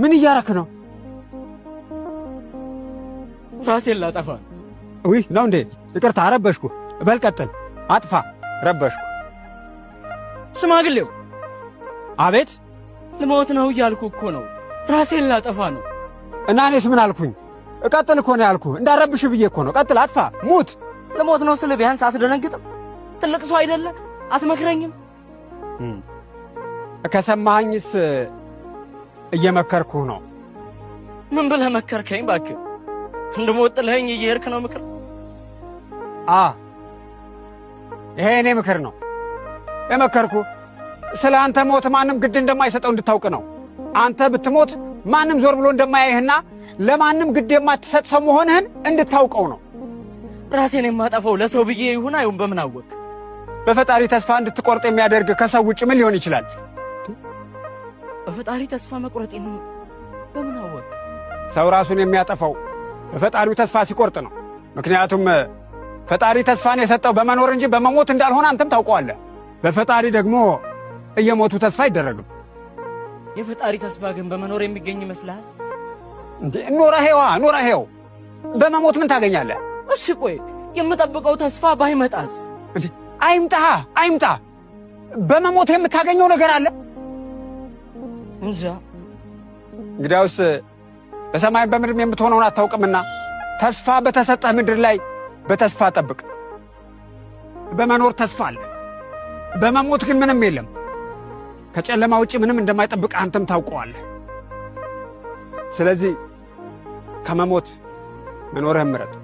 ምን እያረክ ነው? ራሴን ላጠፋ ውይ ነው እንዴ? ይቅርታ አረበሽኩ። በል ቀጥል። አጥፋ። ረበሽኩ። ሽማግሌው አቤት። ልሞት ነው እያልኩ እኮ ነው። ራሴን ላጠፋ ነው። እና እኔስ ምን አልኩኝ? እቀጥል እኮ ነው ያልኩ። እንዳረብሽ ብዬ እኮ ነው። ቀጥል፣ አጥፋ፣ ሙት። ልሞት ነው ስል ቢያንስ አትደነግጥም? ትልቅ ሰው አይደለ? አትመክረኝም? ከሰማኝስ እየመከርኩህ ነው። ምን ብለህ መከርከኝ? እባክህ እንደሞት እየሄድክ ነው ምክር? አ ይሄ እኔ ምክር ነው የመከርኩ ስለ አንተ ሞት ማንም ግድ እንደማይሰጠው እንድታውቅ ነው። አንተ ብትሞት ማንም ዞር ብሎ እንደማያይህና ለማንም ግድ የማትሰጥ ሰው መሆንህን እንድታውቀው ነው። ራሴን የማጠፋው ለሰው ብዬ ይሁን አይሁን በምን አወቅ? በፈጣሪ ተስፋ እንድትቆርጥ የሚያደርግ ከሰው ውጭ ምን ሊሆን ይችላል? በፈጣሪ ተስፋ መቁረጥ ነው። በምን አወቅ? ሰው ራሱን የሚያጠፋው በፈጣሪው ተስፋ ሲቆርጥ ነው። ምክንያቱም ፈጣሪ ተስፋን የሰጠው በመኖር እንጂ በመሞት እንዳልሆነ አንተም ታውቀዋለህ። በፈጣሪ ደግሞ እየሞቱ ተስፋ አይደረግም። የፈጣሪ ተስፋ ግን በመኖር የሚገኝ ይመስልሃል? እንዴ ኖራ ሄዋ ኖራ ሄው በመሞት ምን ታገኛለህ? እሺ ቆይ የምጠብቀው ተስፋ ባይመጣስ? አይምጣ አይምጣ። በመሞት የምታገኘው ነገር አለ እንግዲያውስ በሰማይ በምድርም የምትሆነውን አታውቅምና ተስፋ በተሰጠህ ምድር ላይ በተስፋ ጠብቅ። በመኖር ተስፋ አለ፣ በመሞት ግን ምንም የለም። ከጨለማ ውጭ ምንም እንደማይጠብቅ አንተም ታውቀዋለህ። ስለዚህ ከመሞት መኖርህን ምረጥ።